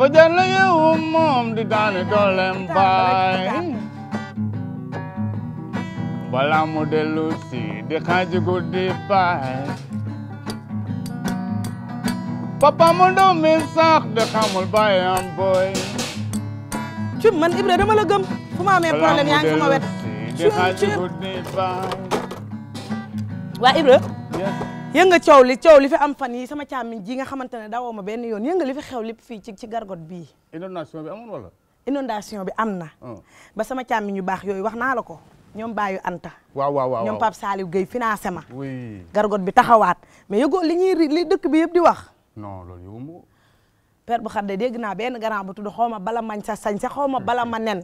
fa jaan la yeewu moom di daani dooleem baay balaa mu dellu si di baay papa mu ndaw mi sax di xamul baayam booy man Ibra dama la gëm fu ma amee problème wet di Ibra yënga coow li coow li fi am fan yi sama càmmiñ ji nga xamante ne dawoo ma benn yoon yënga li fi xew lépp fii ci ci gargot bii inondation bi amoon wala inondation bi am na oh. ba sama càmmiñ yu baax yooyu wax naa la ko ñoom baayu anta waaw waaw waaw ñoom Pape Saliou Guèye financé ma gargot bi taxawaat mais yëgoo li ñuy li dëkk bi yëpp di wax non loolu yëguma père bu xadde dégg naa benn garant bu tudd xaw ma bala mañ sa sañ sa xaw ma bala ma nen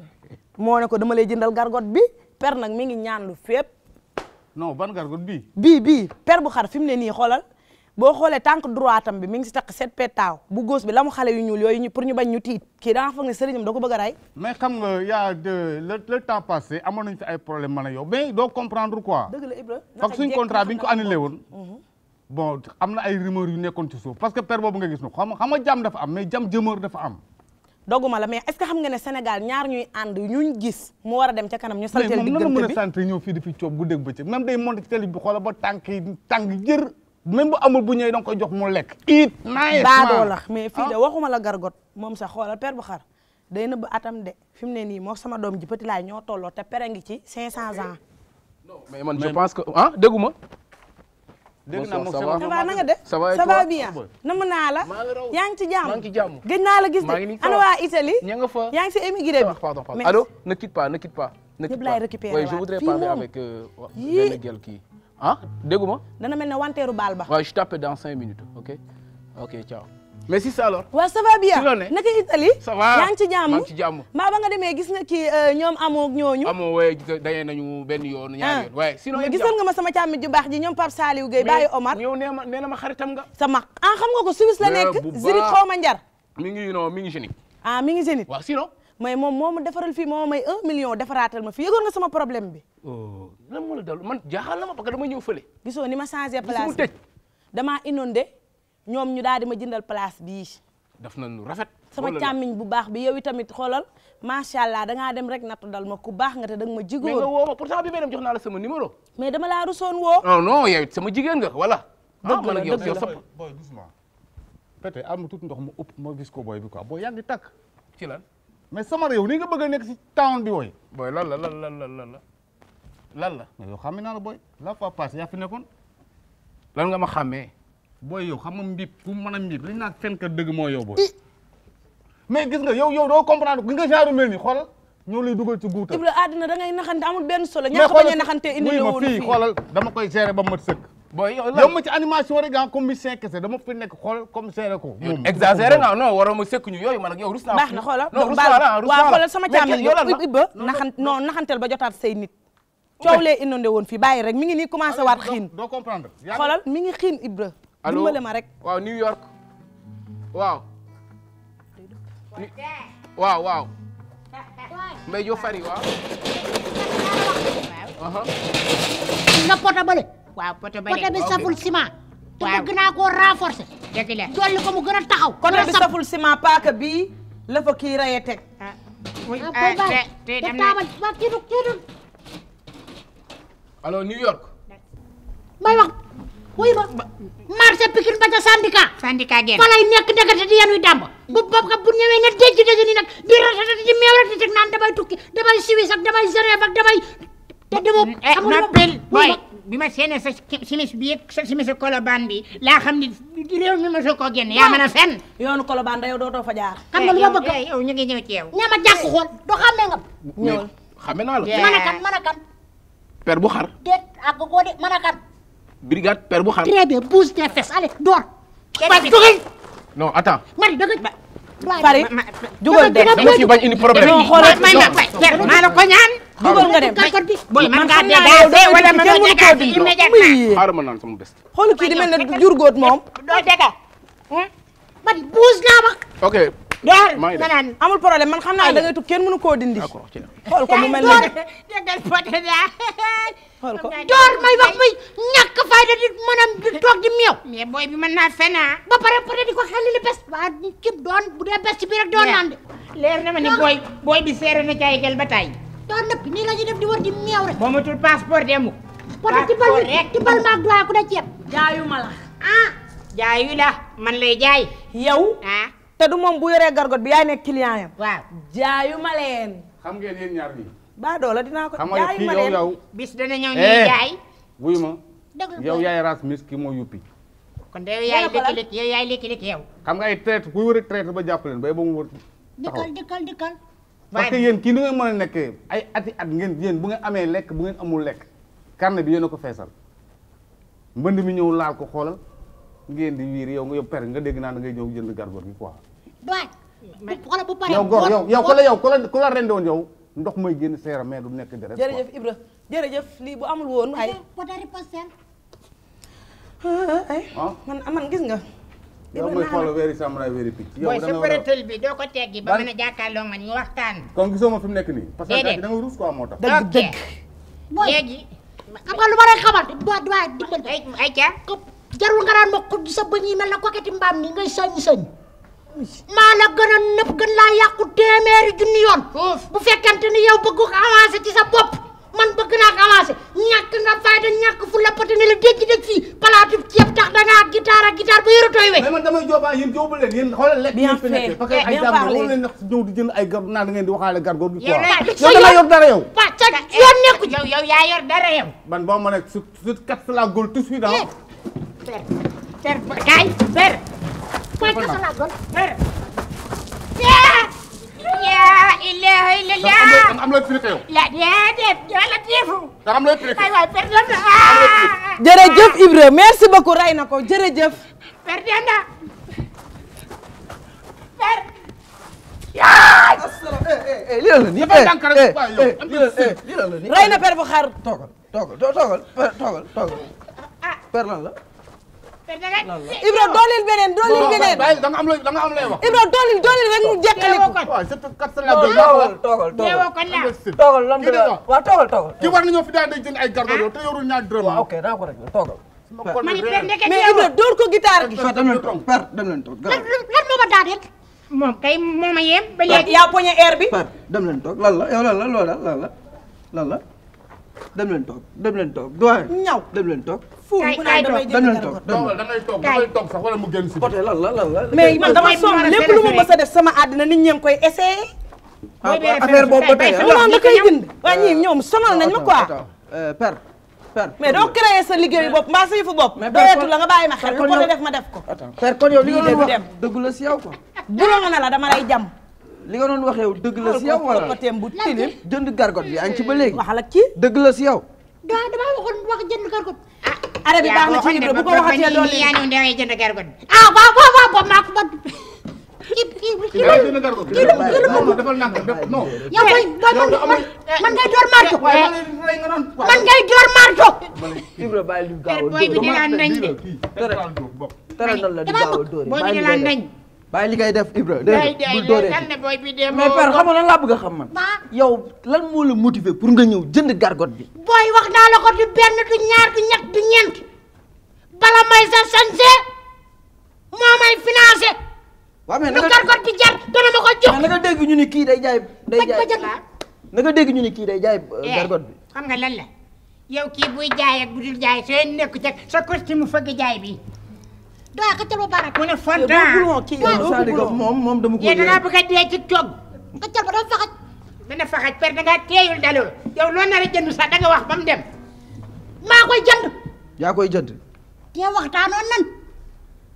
moo ne ko dama lay jëndal gargot bi per nag mi ngi ñaan lu fépp non ban gargot bii. bii bii per bu xar fi mu ne nii xoolal boo xoolee tànk droitam bi mi takk set petaaw bu góos bi la mu xale yu ñuul yooyu ñu pour ñu bañ ñu tiit kii da nga foog ne sëriñam da ko bëgg a rey. mais xam nga yaa le le temps passé amoon nañu fi ay problème man a yow mais doo comprendre ko am na ay rumeur parce que per boobu nga gis na xam nga dafa am mais jàmm jëmër dafa am. doguma mais est-ce xam nga ne Sénégal ñaar ñuy ànd ñuñ gis mu war a dem ca kanam ñu saltel diggante bi mais mën a sant ñëw fi coob guddeeg bëccëg même day monté ci télé bi xoola ba tànk yi jër même bu amul bu ñëwee danga koy jox mu lekk it baadoo la mais fii de ah. waxuma moom sax xoolal père bu xar day nëbb atam de fi mu ne nii moo sama doom ji petit laay ñoo tolloo te pere ngi ci cinq cent ans non mais man je pense que ah dégguma dégg naa moom sama ça na nga def ça va bien yaa ngi ci jàmm maa ngi ci gëj naa la gis de ana waa Italie ña nga fa yaa ngi si émigré bi pardon pardon allô ne quitte pas ne quitte pas ne quitte pas oui euh, gel kii ah déggu ma dana mel ne wanteeru baal ba waaw je t'appelle dans cinq minutes ok ok ciao mais si ça alors. waaw ça va bien naka Italie. ça va jàmm maa ngi ci jàmm. gis na kii euh, ñoom amoo ñooñu. amoo waaye daje nañu benn yoon. ñaari waaye ah. sinon. gisoon nga ma sama càmmit ju baax ji ñoom Pape Saliou Gueye Baye Omar. yow nee ma nee na ma xaritam sama ah xam nga ko Suisse la nekk. Zurich xaw ma njar. mi ngi non mi ngi Zénith. ah mi ngi Zénith. waaw sinon. moom moo ma defaral fii moo may un million defaraatal ma fi yëgoon nga sama problème bi. oh lan moo la dal man jaaxal na ma parce que dama ñëw fële. gisoo ni ma changé place bi damaa inondé ñoom ñu daal di ma jëndal place bii. daf na lu rafet. sama càmmiñ bu baax bi yow itamit xoolal macha allah dangaa dem rek nattu dal ma ku baax nga te danga ma jigóor. mais nga woo ma bi may jox naa la sama numéro. mais dama laa rusoon woo. non ah non yow sama jigéen nga voilà. Ah, dëgg la dëgg la booy doucement. peut être am na ndox mu ëpp ma gis ko booy bi quoi boo yàgg tàkk. ci lan mais sama réew ni nga bëgg a nekk si town bi wooy. booy lan la lan la lan la lan la. mais yow xam naa la booy la fois passée yaa lan nga ma xàmmee. booy yow xam nga mbib ku mën a mbib dañ naan fenkat dëgg moo yow booy mais gis nga yow yow doo comprendre gis nga genre mel ni xoolal ñoo lay dugal ci da a naxante indi la woon fii xoolal dama ba mat sëkk booy yow ma ci ah, ko moom exagéré nga non waroo ma sëkk ñu yooyu man ak yow rus naa baax na sama càmmiñ Ibra naxant non naxantel ba jotaat say nit coow lee inondé woon fii bàyyi rek mi ngi nii commencé waat xiin doo comprendre xoolal mi ngi Ibra allo dimbale ma rek. waaw New York waaw. waaw waaw. Mbaye Diop Fary waaw. gis nga poto bële. waaw poto bële poto bi saful ciment. waaw te bëgg naa koo renforcer. dëgg la dolli ko mu gën a taxaw. poto bi saful ciment paaka bii la fa kii rayé teg. Ah, ah, oui ah, te te dem na waaw kii du kii du. allo New York. may wax wuy ma. na syndicat. syndicat genn fa lay nekk ndekete di yenuy dàmb. bu boobu kat bu ñëwee ne denc daje nii nag di ratatat di meew rek di teg naan damay tukki damay siwis ak damay Genève ak damay. te demoo eh, xamul ma yaa mën a fenn. yoonu kolobaan da yow dootoo fa jaar. xam nga lu eh, ma bëgg eh, yow ñu ngi ñëw ci yow. jàkk xool doo xàmmee nga. ñëwal xàmme a kan mën a kan. per bu xar. a brigade père bu xar. très bien bouge tes fesses allez door. Marie jógal. non attends. Marie dëgg de dama fi bañ indi problème. non xoolal non maa la ko ñaan. dugal nga dem booy man ngaa dee daa dee wala man di mel ne moom. doo dëgg. Hmm? Marie naa ma. doxal ma naan amul problème man xam naa da ngay koo dindi. xool ko mu mel ne xool ko door may fayda di mën a di toog di meew. mais booy bi mën naa fena ah. ba pare pare di ko xelli li bes waa kib doon bu bes ci biir rek doon naan de. leer na ma ni booy booy bi seere na caay gel ba tay doon nëpp nii la ñuy def di war di meew rek. boo matul passeport demu. passeport rek di bal maag doy ku da ceeb. jaayu ma la ah. la man lay jaay. yaw ah. te du moom bu yoree gargot bi yaay nekk client yam. waaw jaayu ma leen. xam ngeen yéen ñaar bi ba doola dinaa ko jaayu ma leen yow bis dana ñëw eh, ñuy jaay. wuyu ma yaay ras mis ki moo yuppi. kon de yow yaay lékki-lékki yow yaay yow. xam nga ay traite kuy wër traite ba jàpp leen bay ba mu wër. dikal dikal dikal. parce que kii ni ngeen mën a nekkee ay ati at ngeen yéen bu ngeen amee lekk bu ngeen amul lekk. carnet bi yéen a ko feesal mbënd mi ñëw laal ko xoolal ngeen di wiir yow nga yow per nga dégg naa da ngay ñëw jënd gargoor gi quoi. doy. mais bu bu paree la yow ku la rendoon yow ndox mooy génn seera mais du nekk deret. jërëjëf Ibra jërëjëf lii bu amul woon ay. ay ah. man man gis nga. yow mooy xoolal weeri samra weeri picc. yow da nga war a booy bi doo ko teggi ba mën a jàkkaarloo kon gisoo ma fi nekk nii. parce que da nga ruus quoi moo tax. dëgg dëgg léegi. xam nga lu ma lay xamal. ay ay ca. jarul nga daan ma xudd sa bëñ yi mel na koketi mbaam ni ngay sañ-sañ maa la gën a nëb gën laa yàqu téeméeri junni yoon bu fekkente ni yow bëggu avancé ci sa bopp man bëgg naa ko avancé ñàkk nga fayda ñàkk fu la pati ne la dégg dégg fii palaatu ceeb tax da ngaa guitare ak ba yëru tooy we mais man damay joobaa yéen joobu leen yéen xoolal lekk bien fait parce que eh, ay gargoor wala leen ñëw di jënd ay gar naa da ngeen di waxaale gargoor bi yow dama yor dara yow pa ca la gol per per kaay per. kaay per. yaa ilaha illallah. am am looy piqué yow. la na ko jërëjëf. per denda. per. yaa. Eh, eh, eh, lii la la nii lii per bu xaar toogal ah. per lan la. Ibro doolil beneen doolil beneen. da nga am looy da nga am looy wax. Ibro doolil doolil rek ñu jekkali ko. waaw c'est kat sa laaj. toogal toogal toogal toogal. kii war nañoo fi daal di jënd ay gargaro ah. te yorul ñaar dërëm. waaw ok naa ko rek toogal. mani per ndeket toog per dem leen bi. per dem leen toog lan la yow lan la loola lan la lan la dem leen toog dem leen toog doyen. ñaw dem leen toog fuul mu naan damay jënd garab da ngay toog da ngay toog sax wala mu génn si. côté lan lan lan lan. mais man dama sonn lépp lu ma mës a def sama àddina nit ñi ngi koy essayé. Ah, affaire boobu ba tey ah waaw da koy jënd. waa ñii euh, ñoom sonal nañ ma quoi. Euh, per per. mais doo créé sa liggéeyu bopp mbaa sa yëfu bopp. mais doyetu la nga bàyyi ma xel lu ko def ma def ko. per kon yow li nga doon wax dëgg la si yow quoi. bu la na la dama lay jam. li nga doon wax yow dëgg la si yow wala bu tilim jënd gargot bi yaa ngi ci ba léegi. waxal ak kii dëgg la si yow. gaa dama waxoon wax jënd gargot arabe baax na ci bu ko waxatee loolu yi yaanu ndewee jënd gargot ah waaw waaw waaw boobu maa ko ba ki ki ki jënd gargot ki defal nak non yow koy man man ngay door marto ibra bàyyi lu gaaw dóor booy bi di la nañ de dara dara di gaaw dóor booy bi la nañ bàyyi li ngay def Ibra dégg nga bul dooree mais père xam nga lan laa bëgg a xam man. yow lan moo la motiver pour nga ñëw jënd gargot bi. booy wax naa la ko du benn du ñaar du ñett du ñeent bala may sa sañse moo may financé. waaw mais naka gargot bi jar dana ma ko jox. mais naka dégg ñu ni kii day jaay day jaay naka dégg ñu ni kii day jaay euh, eh, gargot bi. xam nga lan la yow kii buy jaay ak bu dul jaay sooy nekk ca sa costume fëgg jaay bi. doy ka ca ba mu ne Fanta moom moom dama ko. yéen danaa bëgg a dee ci coog. ka ca ba doon faxaj. mu ne faxaj teeyul dalul yow loo nar a jënd sax da nga wax dem. maa koy jënd. yaa koy jënd. te waxtaanoon nan.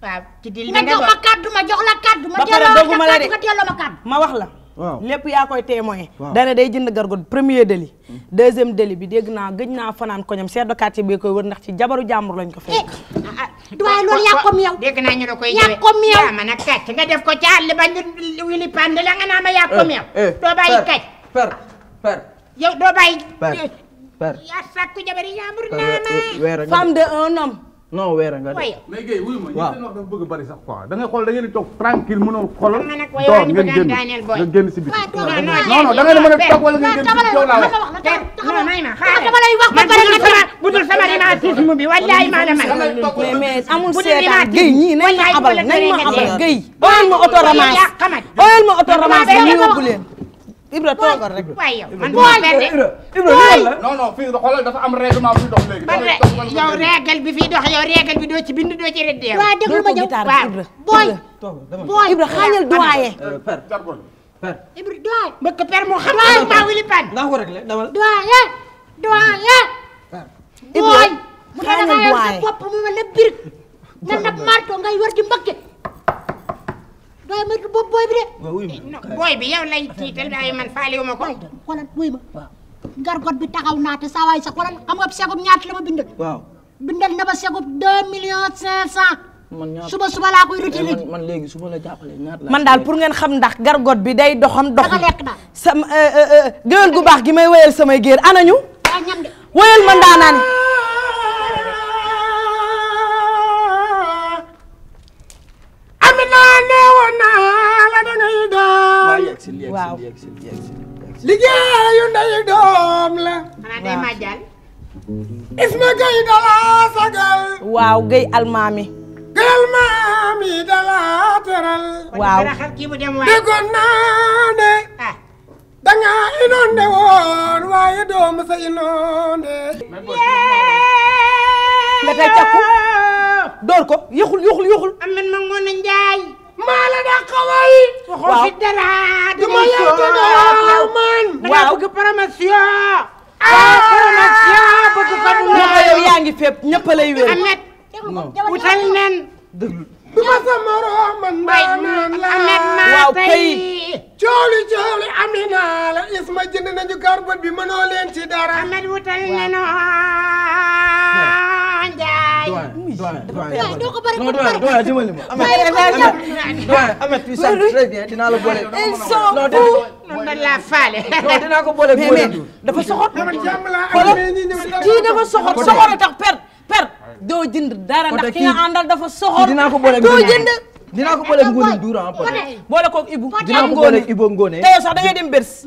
waaw ci dil nga jox ma kàddu ma la kàddu. ma delloo ma kàddu ma delloo ma kàddu. ma wax la. waaw lépp yaa koy témoin. dana day jënd gargot premier deli deuxième délit bi dégg naa gëj naa fanaan ko ñam chef de quartier koy wër ndax ci jabaru jàmbur lañ ko fekk. Eh, ah, ah, waaye loolu yaa ko meew. dégg naa ñu la yaa ko meew. waaw man ak kàcc nga def ko ca àll ba ñu wili pande la nga naa ma yaa ko eh, eh, doo bàyyi kàcc. per per. yow doo bàyyi. per eh, yaa sàkku naa ma. femme de un homme. non weer nga de. mais Guèye wuyu ma yéen wax dafa bëgg bari sax quoi da ngay xool da ngeen di toog tranquille mënoo xool. toog ngeen génn nga génn si biti. non non da ngeen mën a toog wala ngeen génn si coow laa wax. non ma xaaral dama lay wax ba pare nga dama budul la man mais mais amul seetaan gëy ñii ma abal nañ ma abal gëy oyal ma auto romance oyal ma auto romance ñu yóbbu leen Ibra toogal rek waaye yow man boo berde booy non non fii xoolal dafa am règlement bu dox léegi ban yow règle bi fii dox yow règle bi doo ci bind doo ci rëdd yow waaw déglu père Ibrahima doyen. mbëkk père moo xam. doyen maa wili mu ne danga yor sa bopp mu mel ne birig. nan nag marto ngay war di mbëkke. doyen ma bopp booy bi de. booy bi yow lay tiital man faale wu ma ko. gargot bi taxaw naa te saa sa xoolal xam nga segub ñaata la ma bindal. bindal na ba segub deux millions cinq cent. suba suba laa koy retiré man léegi suba la jàppale man daal pour ngeen xam ndax gargot bi day doxam dox sama euh, euh, euh, géwél gu baax gi may wéyal samay géer anañu wéyal man daanaani amina neewoon naa la dangay doon waaw liggéeyu ndeyu doom la xanaa na gay dala sagal waaw gay almaami mi dala teral. waaw déggoon naa de. Ah. da nga inondé woon waaye doo mës a inondé. nga tey càkku door ko yëxul yëxul yëxul. am na mën a njaay. maa la dàq way. waxoo fi dara. du ma yow te doo man. waaw bëgg promotion. ah promotion bëgg ko. yow yaa ngi fépp ñëpp lay wér. amet wutal nen. du ma sa morom man ndaanaan la waaw kay cooli cooli la isma jënd nañu karbon bi mënoo leen ci dara amet wutal neno njaay waaw doo ko bëri non non non dimbali ma amet tu sais très bien dinaa la boole non la faale non dinaa ko boole boole dafa soxor xoolal kii dafa soxor soxor a tax doo jënd dara ndax ki nga àndal dafa soxor dinaa ko boole doo duura ah, Pod boole koog Ibou dinaa ko boole Ibou ngóone tey sax dem bers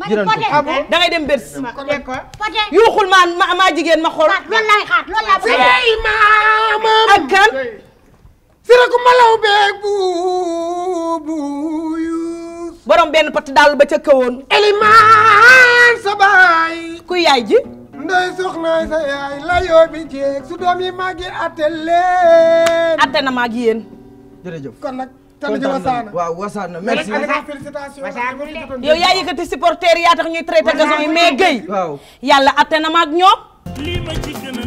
da ngay dem bers yuuxul ma ma jigéen ma xool loolu sira ku malaw beeg buubu borom benn pat daal ba ca kawoon elimaan sa yaay ji ndoy soxnaay sa yaay layoo bi jeeg su doom yi màggi leen atte na maag yéen jërëjëf kon nag tamit wasaana waaw wasaana merci yaa yëkkati ñuy traité gazon yi mais Guèye waaw na maag ñoom